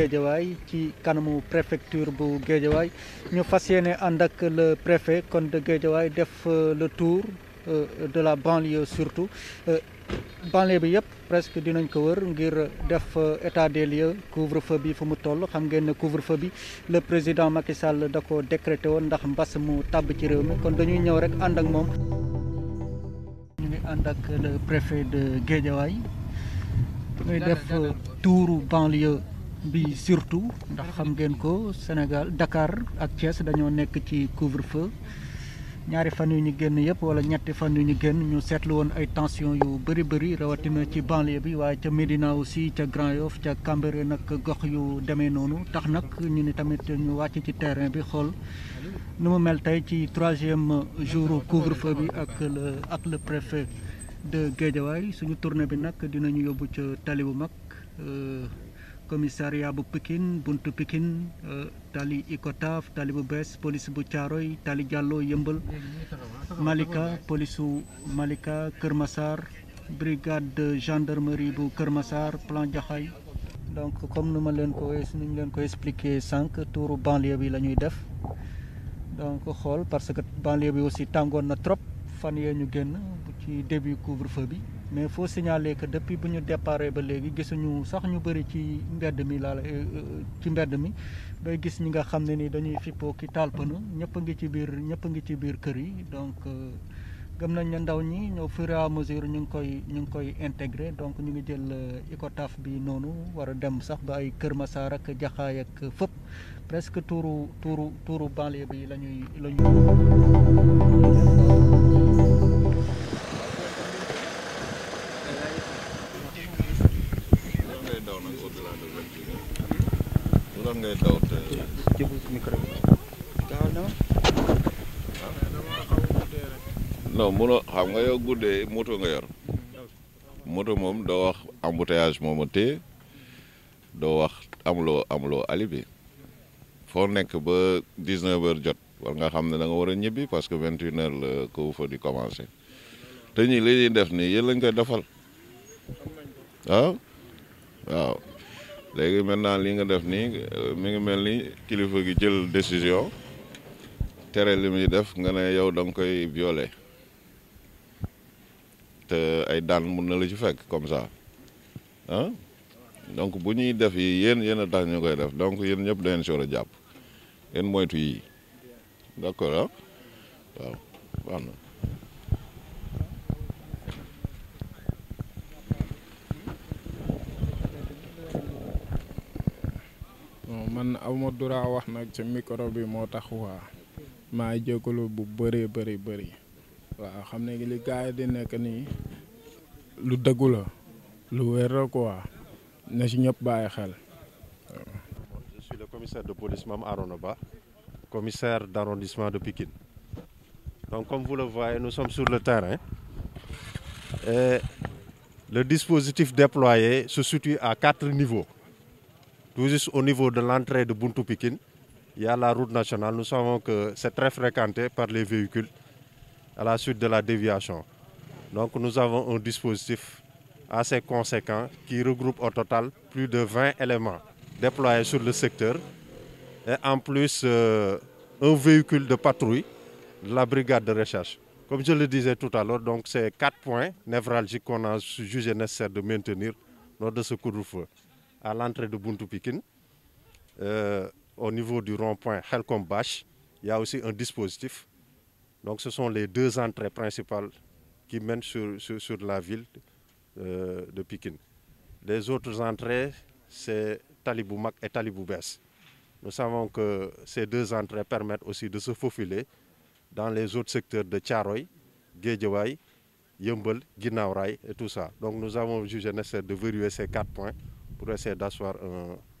Guédiawaye ci kanamu préfecture bu Guédiawaye ñu fas yéene ànd ak le préfet kon de Guédiawaye def euh, le tour euh, de la banlieue surtout euh, banlieue bi yëpp presque dinañ ko wër ngir def état des lieux couvre-feu bi fu mu toll xam ngeen ne couvre-feu bi le président Macky Sall da ko décrété woon ndax mbas mu tàbb ci réew mi kon dañuy ñëw rek ànd ak moom. bi surtout ndax xam ngeen ko Sénégal dakaar ak Thiès dañoo nekk ci couvre-feu ñaari fan yu ñu génn yëpp wala ñetti fan yu ñu génn ñu seetlu woon ay tension yu bëri bëri rawatina ci banlieue bi waaye ca Médina aussi ca Grand Yoff ca Cambérène nag gox yu demee noonu tax nag ñu ni tamit ñu wàcc ci terrain bi xool nu mu mel tey ci troisième jour couvre-feu bi ak le ak le préfet de Guédiawaye suñu tournée bi nag dinañu yóbbu ca tali bu mag. Euh, commissariat bu Pikine buntu pikin euh, tali Icotaf tali bu bees police bu Thiaroy tali Diallo Yëmbal Malika police su Malika Kër Massar brigade de gendarmerie bu Kër Massar plan Jaxaay donc comme nu ma leen ko leen ko expliquer sànq tuuru banlieue bi la ñuy def donc xool parce que banlieue bi aussi tàngoon na trop fan yee ñu génn ci début couvre-feu bi mais foo signaalee que depuis bu ñu déparé ba léegi gisuñu sax ñu bëri ci mbedd mi laal la euh, euh, ci mbedd mi bay gis ñi nga xam ne ni dañuy fippoo ki taal pënu ñëpp ngi ci biir ñëpp a ngi ci biir kër yi donc euh, gëm nañ ne ndaw ñi ñëw fur et mesure ñu ngi koy ñu ngi koy intégré donc ñu ngi jël Icotaf bi noonu war dem sax ba ay Kër Massar ak Jaxaay ak fëpp presque tuuru tuuru tuuru banlieue bi la ñuy la ñuy xam nga yow guddee moto nga yor moto moom doo wax embouteillage mooma téye doo wax amuloo amuloo alibi foo nekk ba 19 heures jot war nga xam ne danga war a ñibbi parce que 21 heures la couvre-feu di commencé te ñii li def nii yéen lañ koy defal ah waaw léegi maintenant li nga def nii mi ngi mel ni kilifa gi jël décision tere li muy def nga ne yow da koy violer. te ay daan mun na la ci fekk comme ça ah. donc bu ñuy def yi yéen yenn a tax ñu koy def donc yéen ñëpp da ngeen si war a jàpp yéen moytu yi d'accord ah man awma dura wax nag ci micro bi moo tax waa maa jégalu bu bëree bëri bëri waaw xam ne li gars yi di nekk nii lu dëggu la lu wér la quoi na si ñëpp bàyyi xel. je suis le commissaire de police Mame Arona Ba commissaire d' arrondissement de Pikine donc comme vous le voyez nous sommes sur le terrain et le dispositif déployé se situe à quatre niveaux tout au niveau de l'entrée de Buntu Pikine il la route nationale nous savons que c'est très fréquenté par les véhicules à la suite de la déviation. Donc nous avons un dispositif assez conséquent qui regroupe au total plus de vingt éléments déployés sur le secteur et en plus euh, un véhicule de patrouille de la brigade de recherche. Comme je le disais tout à l'heure, donc c'est quatre points névralgiques qu'on a jugé nécessaire de maintenir lors de ce À l'entrée de Buntu Pikin, euh, au niveau du rond-point Helcom Bash, il y a aussi un dispositif Donc ce sont les deux entrées principales qui mènent sur, sur, sur la ville euh, de Pékin. Les autres entrées, c'est mag et Taliboubès. Nous savons que ces deux entrées permettent aussi de se faufiler dans les autres secteurs de Tcharoy, Guédiouaï, Yumbel, Guinaouraï et tout ça. Donc nous avons jugé nécessaire de verrouiller ces quatre points pour essayer d'asseoir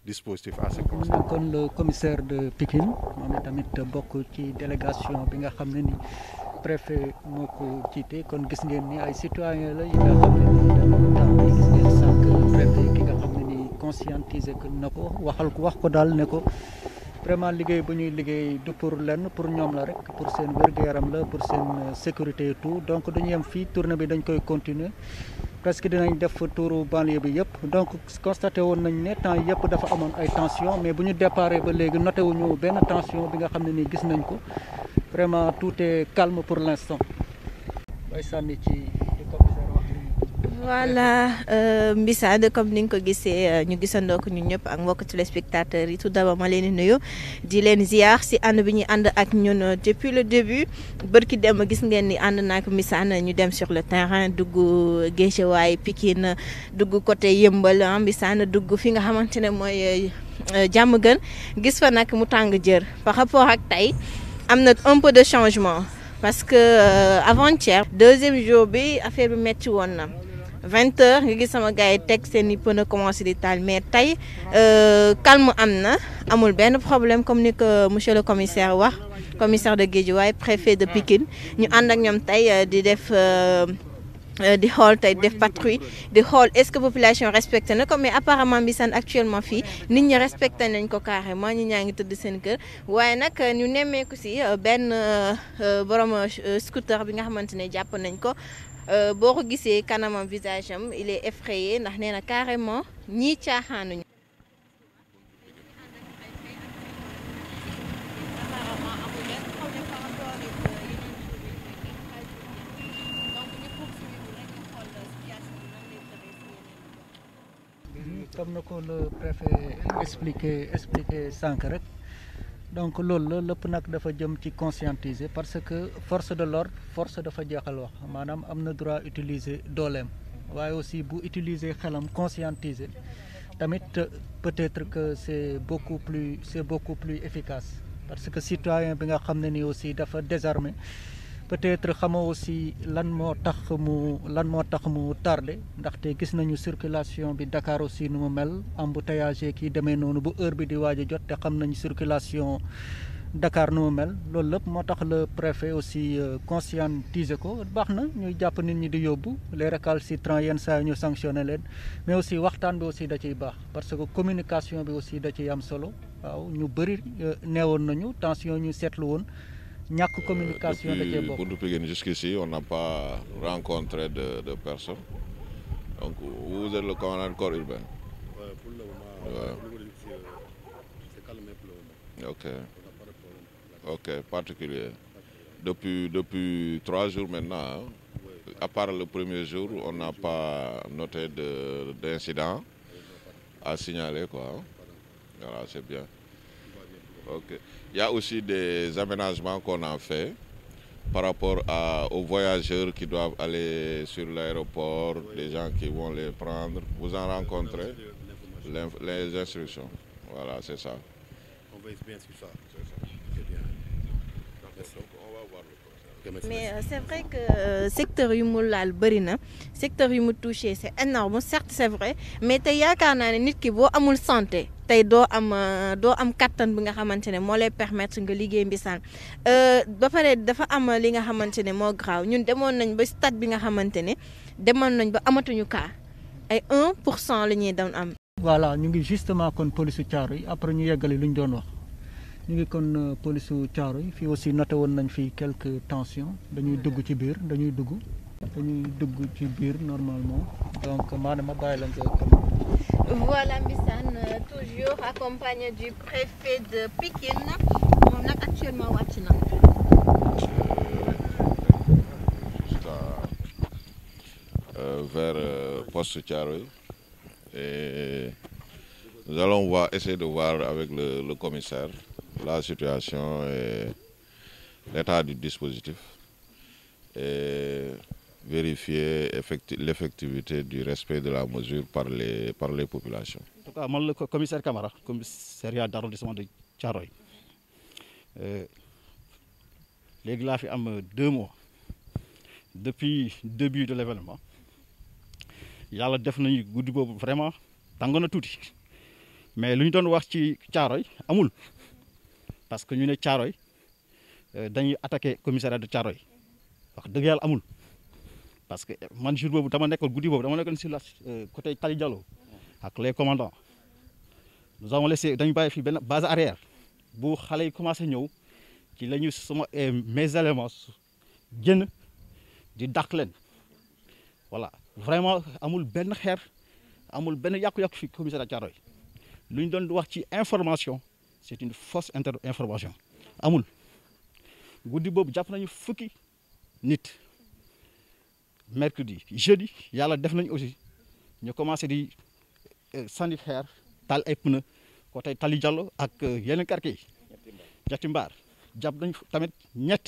dispositif à ce constat. nekkoon le commissaire de Pikine moom tamit bokk ci délégation bi nga xam ne ni préfet moo ko jiite kon gis ngeen ni ay citoyen la yi nga xam ne nii dañoo gis ngeen sànq préfet ki nga xam ne nii conscientiser na ko waxal ko wax ko daal ne ko. vraiment liggéey bu ñuy liggéey du pour lenn pour ñoom la rek pour seen wér gu la pour seen sécurité et tout donc dañu yem fii tourne bi dañ koy continuer presque dinañ def tuuru banlieue bi yëpp donc constaté woon nañ ne temps yëpp dafa amoon ay tension mais bu ñu déparé ba léegi noté wuñu benn tension bi nga xam ne nii gis nañ ko vraiment tout est calme pour l'instant bay sànni ci voilà euh, Mbissade comme ni nga ko gisee euh, ñu gisandoo ñu ñun ñëpp ak mbokk téléspectateurs yi tout d'abord ma leen di yoo di leen ziar si ànd bi ñuy ànd ak ñun euh, depuis le début ki dem gis ngeen ni ànd naak Mbissane ñu dem sur le terrain dugg Guédiawaye Pikine dugg côté Yëmbal ah, Mbissane dugg fi nga xamante ne mooy jàmm gën gis fa nag mu tàng jër par rapport ak tey am na un peu de changement parce que avant-hier deuxième jour bi affaire bi metti woon na vingt heures nga gis sama gars yi teg seen i pneu commencé di taal mais tey euh, calme am na amul benn problème comme ni ko monsieur le commissaire wax commissaire de géej waaye préfet de Pikine ñu ànd ak ñoom tey euh, di def euh, di xool tey def patrouille di xool est-ce que population respecté na ko mais apparemment Mbissane actuellement fii nit ñi respecté nañ ko carrément ñi ñaa ngi tëdd seen kër waaye nag ñu nemmeeku si benn borom scooter bi nga xamante ne jàpp nañ ko. Euh, boo ko gisee kanamam visage am il est effrayé ndax nee na carrément ñii caaxaanuñu. comme na ko le préfet expliqué expliqué sànq rek. donc loolu la lépp nag dafa jëm ci conscientiser parce que force de l'ordre force dafa jeexal wax maanaam am na droit utiliser dooleem waaye aussi bu utiliser xelam conscientiser tamit peut-être que c'est beaucoup plus c'est beaucoup plus efficace parce que citoyen bi nga xam ne nii aussi dafa désarmé peut-être xamoo aussi lan moo tax mu lan moo tax mu tardé ndaxte gis nañu circulation bi Dakar aussi nu mu mel embouteillage kii demee noonu bu heure bi di waaj a jot te xam nañu circulation dakaar nu mu mel loolu lépp moo tax la préfet aussi euh, conscientiser ko baax na ñuy jàpp nit ñi di yóbbu les récalcitrants yenn saa yi ñu sanctionné leen mais aussi waxtaan bi aussi da ciy baax parce que communication bi aussi da am solo waaw ñu bëri euh, neewoon nañu tension ñu seetlu woon. ñàkk communication da cee bokk depuis Pikine on n'a pas rencontré de de personne donc vous êtes le commandant corps urbain. OK. particulier. Depuis trois jours maintenant. À part le premier jour, on n'a pas noté de d'incident à signaler quoi. Voilà, c'est bien. Ok. Il y a aussi des aménagements qu'on a fait par rapport à, aux voyageurs qui doivent aller sur l'aéroport, oui. les gens qui vont les prendre. Vous en rencontrez les instructions. Voilà, c'est ça. On va expliquer ça. mais euh, c'est vrai que euh, secteur yu mu laal bëri na secteur yu mu touché c'est énorme certes c'est vrai mais tey yaakaar naa ne nit ki boo amul santé tey doo am euh, doo am kattan bi nga xamante ne moo lay permettre nga liggéey mbisaan euh, ba pare dafa am li nga xamante ne moo ñun demoon nañ ba stade bi nga xamante ne demoon nañ ba amatuñu cas ay un pour cent la ñuy doon am. voilà ñu ngi justement kon police yi après ñu yeggale lu ñu doon wax. ñu ngi kon euh, police Thiaroye fii aussi noté woon nañ fi quelque tension dañuy dugg ci biir dañuy dugg dañuy dugg ci biir normalement donc maanaam ma bàyyi lañ ko voilà Mbissane euh, toujours accompagné du préfet de Pikine moom nag actuellement wàcc na. Euh, vers euh, poste Thiaroye et nous allons voir essayer de voir avec le le commissaire. la situation et l'état du dispositif et vérifier l'effectivité du respect de la mesure par le par les populations. En tout cas, moi, le commissaire Camara, commissariat d'arrondissement de Tcharoy, euh, laa fi am euh, deux mois depuis le début de l'événement. yàlla def nañu guddi boobu vraiment tàng na tuuti mais lu ñu doon wax ci caaroy amul parce que ñu ne Thiaroye euh, dañuy attaqué commissariat de Thiaroye wax dëgg yàlla amul parce que man jour boobu dama nekkoon guddi boobu dama nekkoon sur la euh, côté Tali jalo ak les commandants nous avons dañu bàyyi fii benn base arrière bu xale yi commencé ñëw ci lañu ñu sama eh, mes éléments génn di dàq leen voilà vraiment amul benn xeer amul benn yàqu-yàqu fi commissariat Thiaroye lu ñu doon wax ci information. c'est une fausse inter information amul guddi boobu jàpp nañu fukki nit mercredi jeudi yàlla def nañu aussi ñu commencé di euh, sànni xeer taal ay pneu côté Tali Diallo ak euh, yeneen quartier yi ñetti mbaar jàpp nañu tamit ñett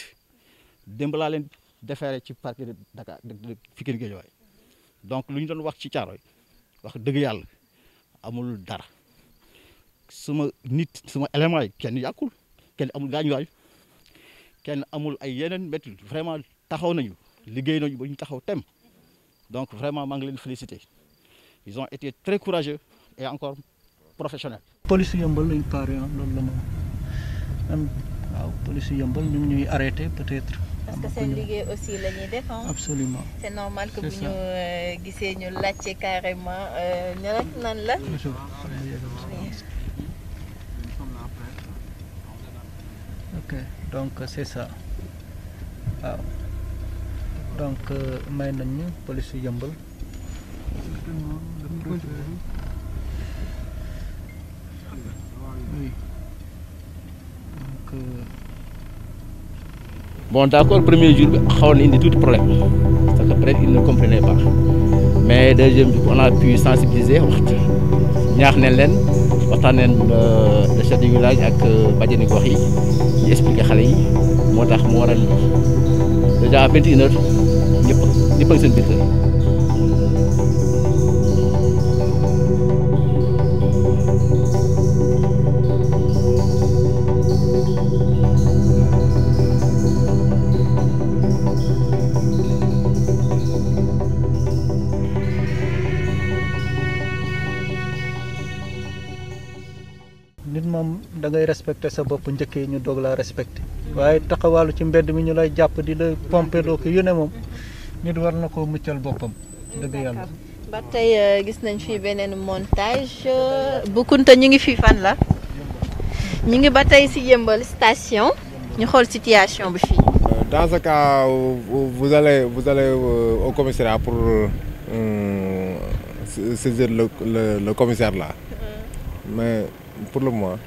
démb laa leen defeere ci parquet de Dakar de Pikine Guédiawaye donc lu ñu doon wax ci caaro yi wax dëgg yàlla amul dara suma nit suma élément kenn yàqul kenn amul gaañuwaay kenn amul ay yeneen métti vraiment taxaw nañu liggéey nañu ba ñu taxaw tem donc vraiment maa ngi leen félicité ils ont été très courageux et encore professionnels. police yëmbal lañ paré ah, loolu la moom waaw police yëmbal ñu ñuy arrêté peut-être. parce que seen liggéey aussi la ñuy def absolument c' est normal que bu ñu euh, gisee ñu laajte carrément ñu euh, rek nan la. donc c'est ça waaw donc may nañu police yu yëmbal euh, bon d'accord premier jour bi xawoon na indi tuuti problème parce que peut il ne comprenait pas mais deuxième jour on a pu sensibiliser wax ci ñaax ne leen waxtaaneen euh, le chef de village ak euh, bajenu gox yi ñu expliqué xale yi moo tax mu waral lii déjà 21 heures ñëpp ñëpp a nit moom da ngay respecté sa bopp njëkk ñu doog laa respecté waaye taxawaalu ci mbedd mi ñu lay jàpp di la pompé loo ko yu ne moom nit war na ko muccal boppam dëgg yàlla ba tey euh, gis nañ fi beneen montage euh, Boucounta ñu ngi fi fan la ñu ngi ba tey si yëmbal station ñu xool situation bi fii euh, dans ce cas vous allez vous allez au commissariat pour saisir le le commissaire la pour le moment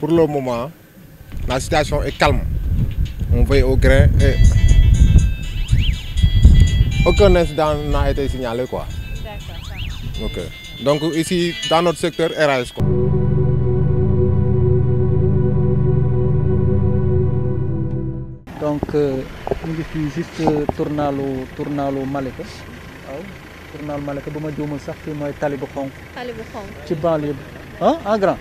pour le moment la situation est calme on veille au grain et aucun incident n'a été signalé quoi. D'accord, ça. Ok. Donc ici dans notre secteur RAS quoi. donc euh, ñu ngi fii juste tournalu tournalu Malika waaw tournalu Malika ba ma juumul sax fii mooy tali xonk. tali xonk ci banlieue bi. ah ah grand.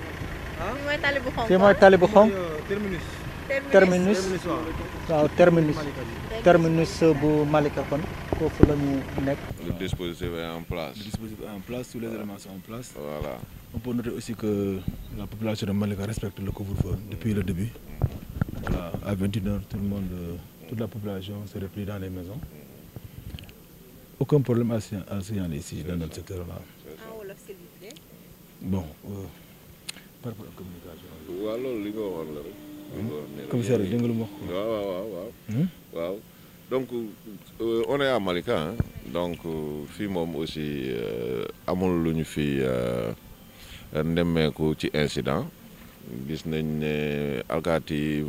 fii mooy tali bu xonk fii mooy tali bu xonk. terminus. terminus waaw terminus. terminus bu Malika kon foofu la ñu nekk. le dispositif en place. le dispositif est en place tous les éléments sont en place. on peut noter aussi que la population de Malika respecte le couvre-feu depuis le début. voilà à 21h tout le monde euh, toute la population se replie dans les maisons. aucun problème à signaler dans notre secteur là. bon euh, par rapport ak communication bi. waaw loolu li nga waxoon la rek. Hmm? li nga waxoon commissaire lu mu waaw waaw waaw. Hmm? donc euh, on est donc euh, fii moom aussi amul lu ñu fi nemmeeku ci incident. gis nañ ne alkaati yi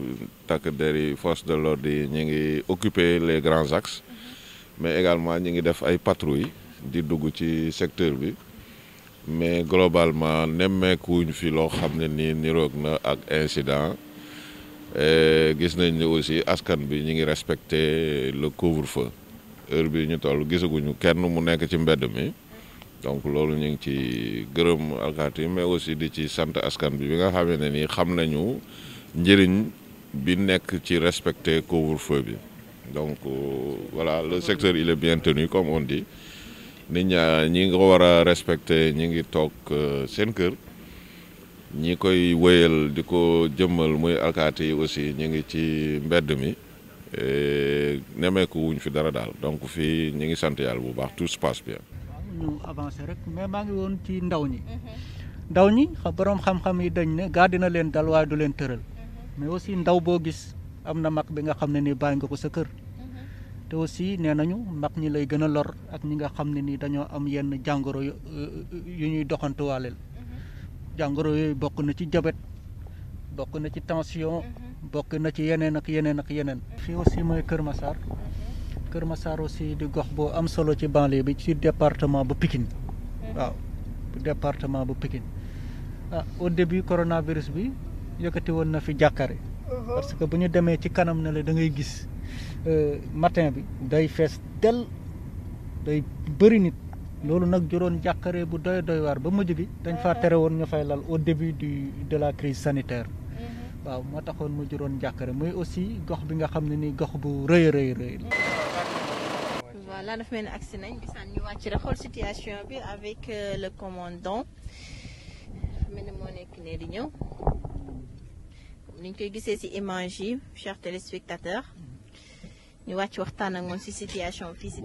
takk der yi force de l'ordre yi ñu ngi occuper les grands axes mhm. mais également ñu ngi def ay patrouilles di dugg ci secteur bi. mais globalement nemmeekuñ fi loo xam ne nii niroog na ak incident eh, gis nañ ni aussi askan bi ñu ngi respecter le couvre-feu heure bi ñu toll gisaguñu kenn mu nekk ci mbedd mi donc loolu ñu ngi ci gërëm alkaati mais aussi di ci sant askan bi bi nga xamee ne nii xam nañu njëriñ bi nekk ci respecter couvre-feu bi donc euh, voilà le secteur il est bien tenu comme on dit nit ñaa ñi nga war a respecté ñi ngi toog euh, seen kër ñi koy wéyal di ko jëmmal muy alkaati aussi ñi ngi ci mbedd mi nemeeku wuñ fi dara daal donc fii ñi ngi sant yàlla bu baax tout se passe bien. ñu rek mais maa ngi woon ci ndaw ñi mhm. ndaw ñi borom xam-xam yi dañ ne gaa dina leen dal waaye du leen tëral mhm. mais aussi ndaw boo gis am na mag bi nga xam ne ni bàyyi nga ko sa kër. te aussi nee nañu mag ñi lay gën a lor ak ñi nga xam ne nii dañoo am yenn jàngoro yu ñuy doxantuwaaleel jàngoro yooyu bokk na ci jabet bokk na ci tension mhm. bokk na ci yeneen ak yeneen ak yeneen fii aussi mooy Kër Massar mhm. Kër Massar aussi di gox boo am solo ci banlieue bi ci département bu Pikine mhm. waaw département bu Pikine ah au début coronavirus bi yëkkati woon na fi jàkkare uh-huh. parce que bu ñu demee ci kanam ne la da ngay gis Euh, matin bi day fees del day bëri nit loolu nag juróon jàqare bu doy doy waar ba mujj bi dañ faa tere woon ñu fay lal au début du de la crise sanitaire mhm. waaw moo taxoon mu juróon jàqare muy aussi gox bi nga xam ne ni gox bu rëy rëy rëy la voilà dafa mel ni nañ bisaan ñu wàcc rek situation bi avec euh, le commandant mel moo nekk ne di ñëw ni ñu koy gisee ci image yi chers ñu wàcc waxtaan ak moom ci situation fii ci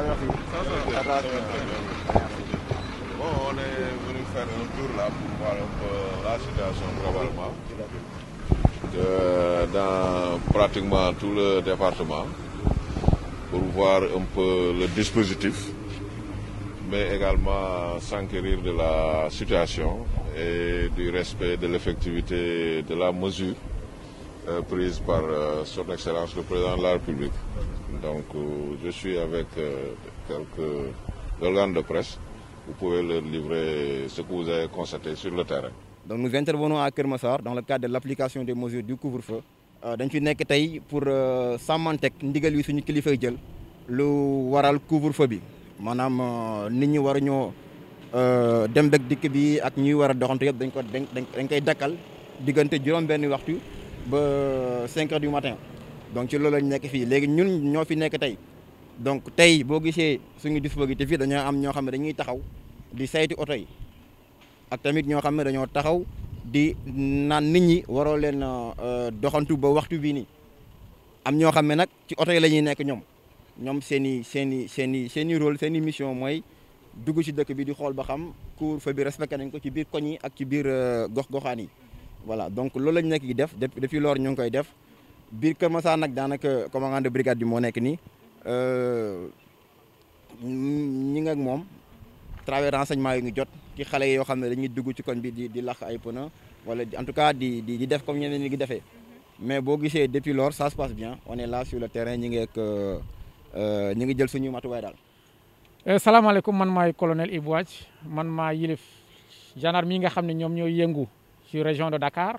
Bon, on est venu faire un tour la situation de, dans pratiquement tout le département pour voir un peu le dispositif mais également s'enquérir de la situation euh, et du respect de l'effectivité euh, de la mesure euh, prise par Son Excellence le Président de la République. Donc euh, je suis avec euh, quelques organes de presse. Vous pouvez leur livrer ce que vous avez constaté sur le terrain. Donc nous intervenons à Keur Massar dans le cadre de l'application des mesures du couvre-feu euh, dañ fi nekk tey pour sàmmanteeg ndigal yi suñu kilifay jël lu waral couvre fa bi maanaam nit ñi war ñoo dem bég dikk bi ak ñuy war a doxantu yëpp dañ ko dañ dañ koy dakkal diggante juróom benn waxtu ba 5 heures du matin donc ci loolu lañu nekk fii léegi ñun ñoo fi nekk tey donc tey boo gisee suñu disponibilité fii dañoo am ñoo xam ne dañuy taxaw di saytu oto yi ak tamit ñoo xam ne dañoo taxaw di naan nit ñi waroo leen euh, doxantu ba waxtu bii nii am ñoo xam ne nag ci oto yi la ñuy nekk ñoom ñoom seen i seen i seen i seen i rôle seen i mission mooy dugg ci dëkk bi di xool ba xam ku fa bi respecté nañ ko ci biir koñ yi ak ci biir euh, gox-goxaan yi voilà donc loolu lañ nekk di def dep depuis loolu ñu ngi koy def biir Kër Massar nag daanaka commandant de brigade bi moo nekk nii euh, ñi nga ak moom travers renseignement yi ngi jot ci xale yoo xam ne dañuy dugg ci koñ bi di di lax ay pneu wala en tout cas di di def comme ñeneen ñi ngi defee mais boo gisee depuis lors ça se passe bien on est sur le terrain ñi ngi ak euh, ñi ngi jël suñu matuwaay daal. Euh, salaamaaleykum man maay colonel Ibou man maa yilif gendarme yi nga xam ne ñoom ñooy yëngu ci région de Dakar.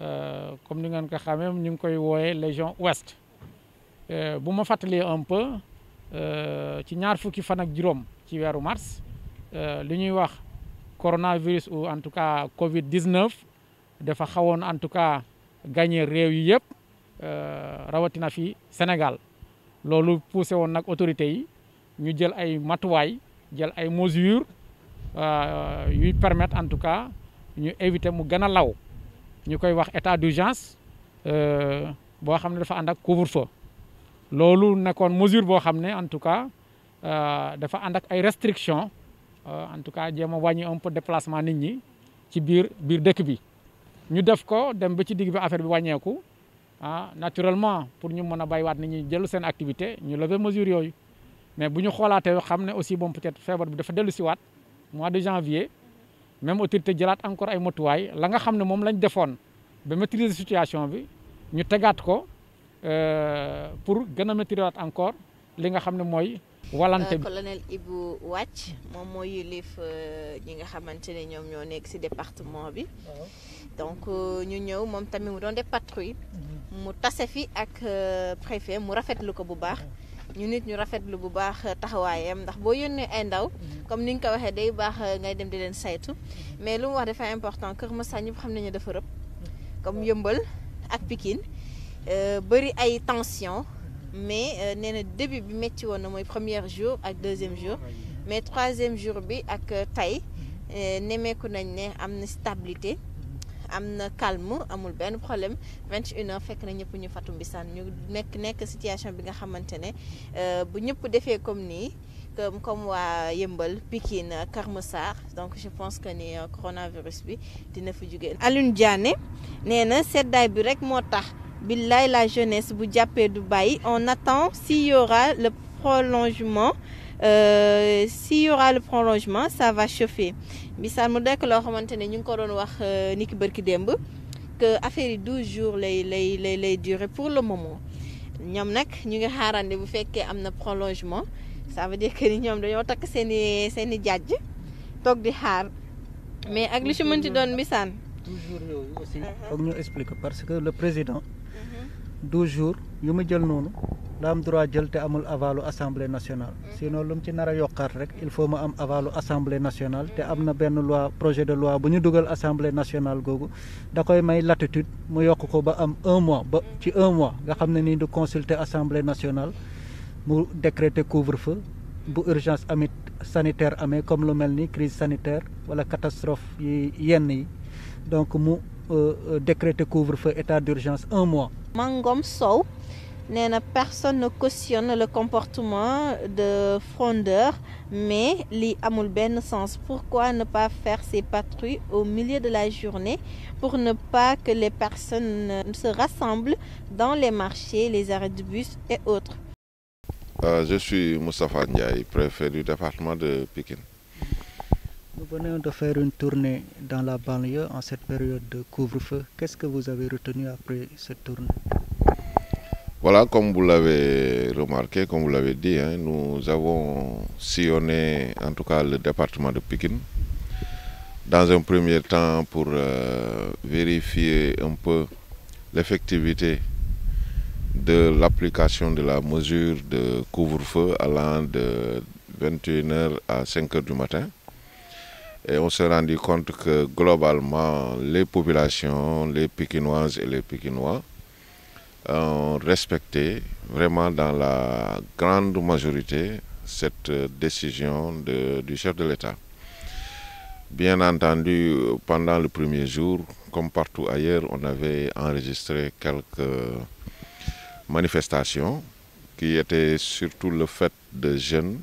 Euh, comme ni ngeen ko ñu ngi koy wooyee légion ouest euh, bu ma fàttalee un peu euh, ci ñaar fukki fan ak juróom ci weeru mars li ñuy wax coronavirus ou en tout cas Covid 19 dafa xawoon en tout cas gagné réew yi yëpp rawatina fi Sénégal loolu poussé woon nag autorités yi ñu jël ay matuwaay jël ay mesures yuy permettre en tout cas ñu éviter mu gën a law. ñu koy wax état d'urgence euh, boo xam ne dafa ànd ak couvre-feu loolu nekkoon mesure boo xam ne en tout cas euh, dafa ànd ak ay restrictions euh, en tout cas jéem a wàññi un peu déplacement nit ñi ci biir biir dëkk bi ñu def ko dem ba ci digg bi affaire bi wàññeeku ah naturellement pour ñu mën a bàyyiwaat ni ñi jël seen activité ñu lever mesure yooyu mais bu ñu xoolaatee xam ne aussi bon peut-être feebar bi dafa dellu siwaat mois de janvier même autorité jalaat encore ay motuwaay la nga xam ne moom lañ defoon ba maîtriser situation bi ñu tegaat ko euh, pour gën a maîtriser waat encore li nga xam ne mooy. walante bi euh, colonel Ibou Wàcc moom moo yilif euh, ñi nga xamante ne ñoom ñoo nekk ci département bi. donc ñu ñëw moom tamit mu doon def patrouille. Mhm. mu tase fi ak préfet mu rafetlu ko bu baax. ñu nit ñu rafetlu bu baax taxawaayam ndax boo yónnee ay ndaw mhm. comme ni nga ko waxee day baax ngay dem di leen saytu mhm. mais lu mu wax dafa important Kër Massar ñëpp xam nañu dafa rëb mhm. comme yëmbal ak Pikine euh, bëri ay tension mais euh, nee na début bi métti woon na mooy première jour ak deuxième jour mais troisième jour bi ak euh, tey nemeeku nañ ne am na stabilité am na kalm amul benn problème 21 fekk na ñëpp ñu fatu mbisaan ñu nekk nekk situation bi nga xamante ne euh, bu ñëpp defee comme nii comme waa Yëmbal Pikine Keur donc je pense que ni euh, coronavirus bi dina fi jóge Alioune Diané nee na seddaay bi rek moo tax billaay la jeunesse bu jàppee du bàyyi on attend s'il y aura prolongement Euh, s'il y aura le prolongement ça va chauffer misaal mu dekk loo xamante ne ñu ngi ko doon wax euh, ni ki bërki démb que affaire yi douze jours lay lay lay lay durer pour le moment ñoom nag ñu ngi xaarande bu fekkee am na prolongement ça veut dire que ni ñoom dañoo takk seeni i seen i jàjj toog di xaar mais ak lu ci mënti doon bisaan toujours yooyu aussi uh-huh. foog ñu expliquer parce que le président uh-huh. douze jours yu ma jël noonu daa am droit jël te amul avalu assemblée nationale mm. sinon lu mu ci nara a yokkaat rek il faut mu am avalu assemblée nationale te am na benn loi projet de loi bu ñu dugal assemblée nationale googu da koy may latitude mu yokk ko ba am un mois ba ci un mois nga xam ne nii du consulter assemblée nationale mu décréter couvre-feu bu urgence amit sanitaire amee comme lu mel ni crise sanitaire wala catastrophe yi yenn yi donc mu euh, euh, décréter couvre-feu état d'urgence un mois. Mangom Sow. nee na personne ne cautionne le comportement de frondeurs mais li amul benn sens pourquoi ne pas faire ces patrouilles au milieu de la journée pour ne pas que les personnes se rassemblent dans les marchés les arrêts de bus et autres euh, je suis Moustapha Ndiaye préfet du département de Pikine Vous venez de faire une tournée dans la banlieue en cette période de couvre Qu'est-ce que vous avez retenu après cette tournée Voilà, comme vous l'avez remarqué, comme dit, nous avons sillonné en tout cas le département de Pékin. Dans un premier temps pour euh, vérifier un peu l'effectivité de l'application de la mesure de couvre-feu allant de 21 à 5h du matin. Et on s'est rendu compte que globalement, les populations, les Pékinoises et les Pékinois, ont euh, respecté vraiment dans la grande majorité cette décision de, du chef de l'État. Bien entendu, pendant le premier jour, comme partout ailleurs, on avait enregistré quelques manifestations qui étaient surtout le fait de jeunes.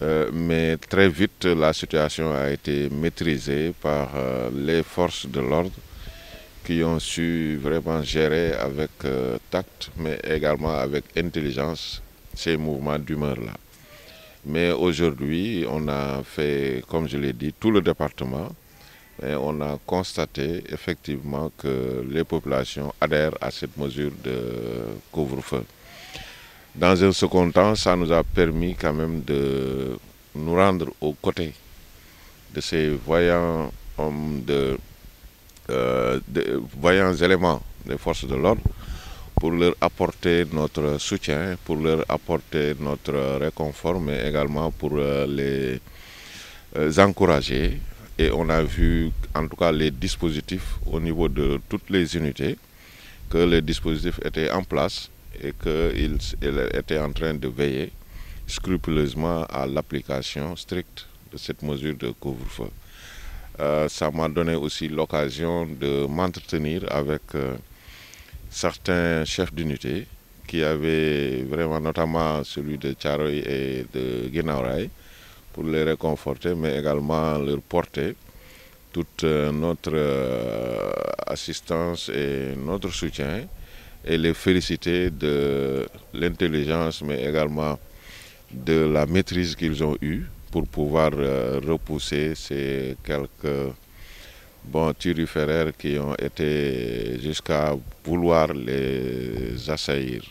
Euh, mais très vite, la situation a été maîtrisée par euh, les forces de l'ordre qui ont su vraiment gérer avec euh, tact, mais également avec intelligence, ces mouvements d'humeur-là. Mais aujourd'hui, on a fait, comme je l'ai dit, tout le département et on a constaté effectivement que les populations adhèrent à cette mesure de couvre-feu. Dans un second temps, ça nous a permis quand même de nous rendre aux côtés de ces voyants hommes de Euh, de vaillants éléments des forces de l'ordre pour leur apporter notre soutien, pour leur apporter notre réconfort, mais également pour euh, les euh, encourager. Et on a vu, en tout cas, les dispositifs au niveau de toutes les unités, que les dispositifs étaient en place et qu'ils étaient en train de veiller scrupuleusement à l'application stricte de cette mesure de couvre-feu. Euh, ça m'a donné aussi l'occasion de m'entretenir avec euh, certains chefs d'unité qui avaient vraiment, notamment celui de Charoy et de Guénaouraï, pour les réconforter, mais également leur porter toute euh, notre euh, assistance et notre soutien et les féliciter de l'intelligence, mais également de la maîtrise qu'ils ont eue pour pouvoir euh, repousser ces quelques bons turiféraires qui ont été jusqu'à vouloir les assaillir.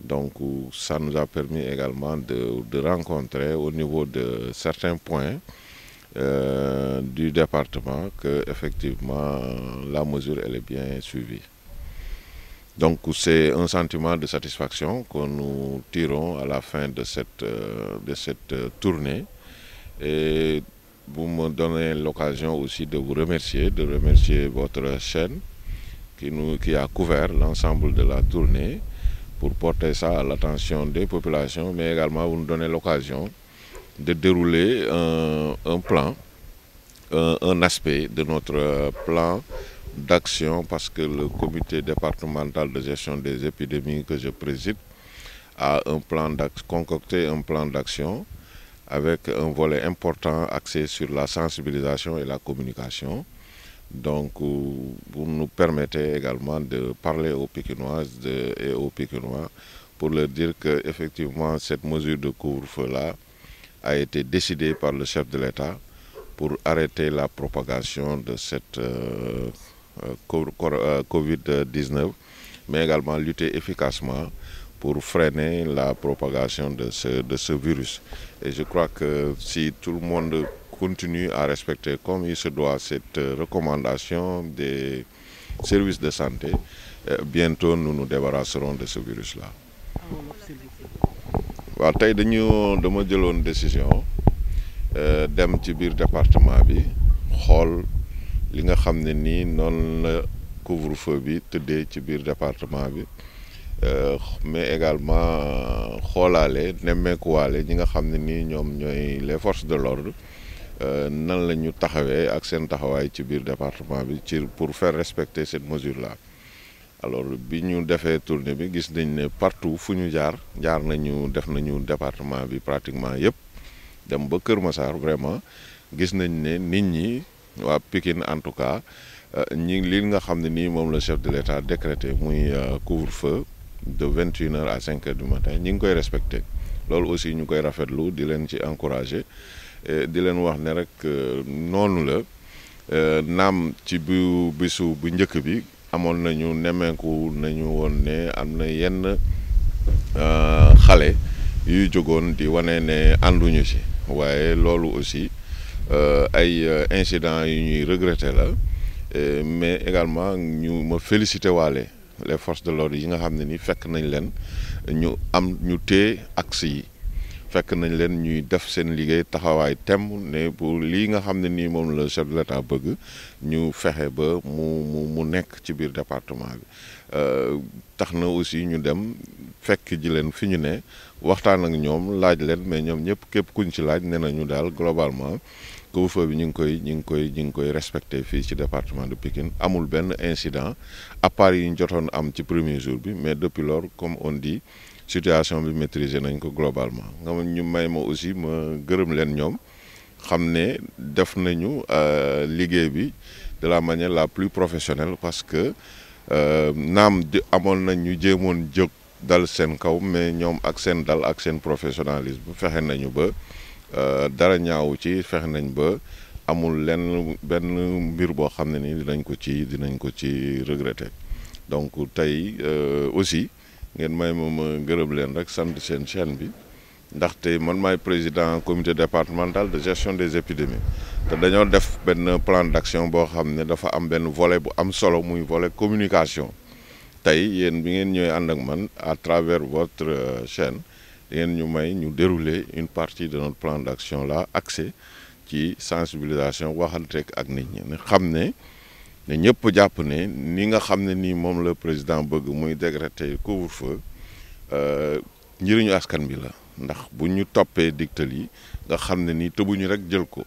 Donc euh, ça nous a permis également de, de rencontrer au niveau de certains points euh, du département que effectivement la mesure elle est bien suivie. Donc c'est un sentiment de satisfaction que nous tirons à la fin de cette, euh, de cette euh, tournée. Et vous me donnez l'occasion aussi de vous remercier, de remercier votre chaîne qui, nous, qui a couvert l'ensemble de la tournée pour porter ça à l'attention des populations, mais également vous nous donnez l'occasion de dérouler un, un plan, un, un, aspect de notre plan d'action parce que le comité départemental de gestion des épidémies que je préside a un plan concocté un plan d'action avec un volet important axé sur la sensibilisation et la communication. Donc, euh, vous nous permettez de parler aux Pékinoises de, et aux pour leur dire qu'effectivement, cette mesure de couvre-feu-là a été décidée par le chef de l'État pour arrêter la propagation de cette euh, euh, euh COVID-19, mais également pour freiner la propagation de ce, de ce virus. Et je crois que si tout le monde continue à respecter comme il se doit cette euh, recommandation des service de santé, euh, bientôt nous nu débarrasserons de ce virus-là. waaw tey dañu dama jëloon décision euh, dem ci biir département bi xool li nga xam ne nii noon la couvre-feu bi tëddee ci biir département bi Euh, mais également euh, xoolaale nemmeekuwaale ñi nga xam ne nii ñoom ñooy les force de l'ordre euh, nan la ñu taxawee ak seen taxawaay ci biir département bi ci pour faire respecter cette mesure là alors bi ñu defee tournée bi gis nañ ne partout fu ñu jaar jaar nañu def nañu département bi pratiquement yëpp dem ba Kër Massar vraiment gis nañ ne nit ñi waa Pikine en tout cas ñi li nga xam ne nii moom la chef de l'État décrété muy couvre-feu de vingt une heures à cinq heures du matin ñi ngi koy respecté loolu aussi ñu koy rafetlu di leen ci encouragé di leen wax ne rek euh, noonu la euh, naam ci bu bisu bu njëkk bi amoon nañu nemmeeku nañu woon ne am na yenn euh, xale yuy jógoon di wane ne ànduñu ci waaye loolu aussi ay incidents yu ñuy regretté la mais également ñu ma félicité waale les forces de l'ordre yi nga xam ne ni fekk nañ leen ñu am ñu téye axe yi fekk nañ leen ñuy def seen liggéey taxawaay temm ne bu lii nga xam ne nii moom la chef de bëgg ñu fexe ba mu mu nekk ci biir département bi euh, tax na aussi ñu dem fekk ji leen fi ñu ne waxtaan ak ñoom laaj leen mais ñoom ñëpp képp kuñ ci laaj nee nañu daal globalement couvre-feu bi ñu ngi koy ñu ngi koy ñu ngi koy respecté fii ci département de Pikine amul benn incident à part yi ñu jotoon am ci premier jour bi mais depuis lors comme on di situation bi maîtriser nañ ko globalement nga ñu may ma aussi ma gërëm leen ñoom xam ne def nañu euh, liggéey bi de la manière la plus professionnel parce que euh, naam amoon nañ ñu jéemoon jóg dal seen kaw mais ñoom ak seen dal ak seen professionnalisme fexe nañu ba Euh, dara ñaaw ci fexe nañ ba amul lenn benn mbir boo xam ne ni dinañ ko ci dinañ ko ci regretter donc tey euh, aussi ngeen may ma ma gërëm leen rek sant seen chaine bi ndaxte man maay président comité départemental de gestion des épidémies te dañoo def benn plan d'action boo xam ne dafa am benn volet bu am solo muy volet communication tey yéen bi ngeen ñëwee ànd ak man à travers votre euh, chaîne dangeen ñu may ñu dérouler une partie de notre plan d'action la axé ci sensibilisation waxal rek ak nit ñi ne xam ne ne ñëpp jàpp ne ni nga xam ne nii moom la président bëgg muy décréter couvre-feu euh, njëriñu askan bi la ndax bu ñu toppee digtal yi nga xam ne nii tëbuñu rek jël ko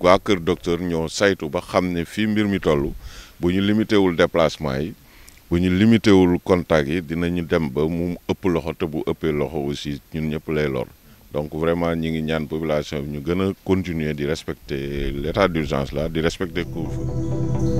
waa kër docteur ñoo saytu ba xam ne fii mbir mi toll bu ñu limité wul déplacement yi bu ñu limité wul contact yi dinañu dem ba mu ëpp loxo te bu ëppee loxo aussi ñun ñëpp lay lor donc vraiment ñi ngi ñaan population bi ñu gën a continuer di respecter l'état d'urgence la di respecter couvre-feu